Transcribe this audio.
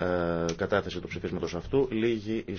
Ε, κατάθεση του ψηφίσματος αυτού. Λίγη η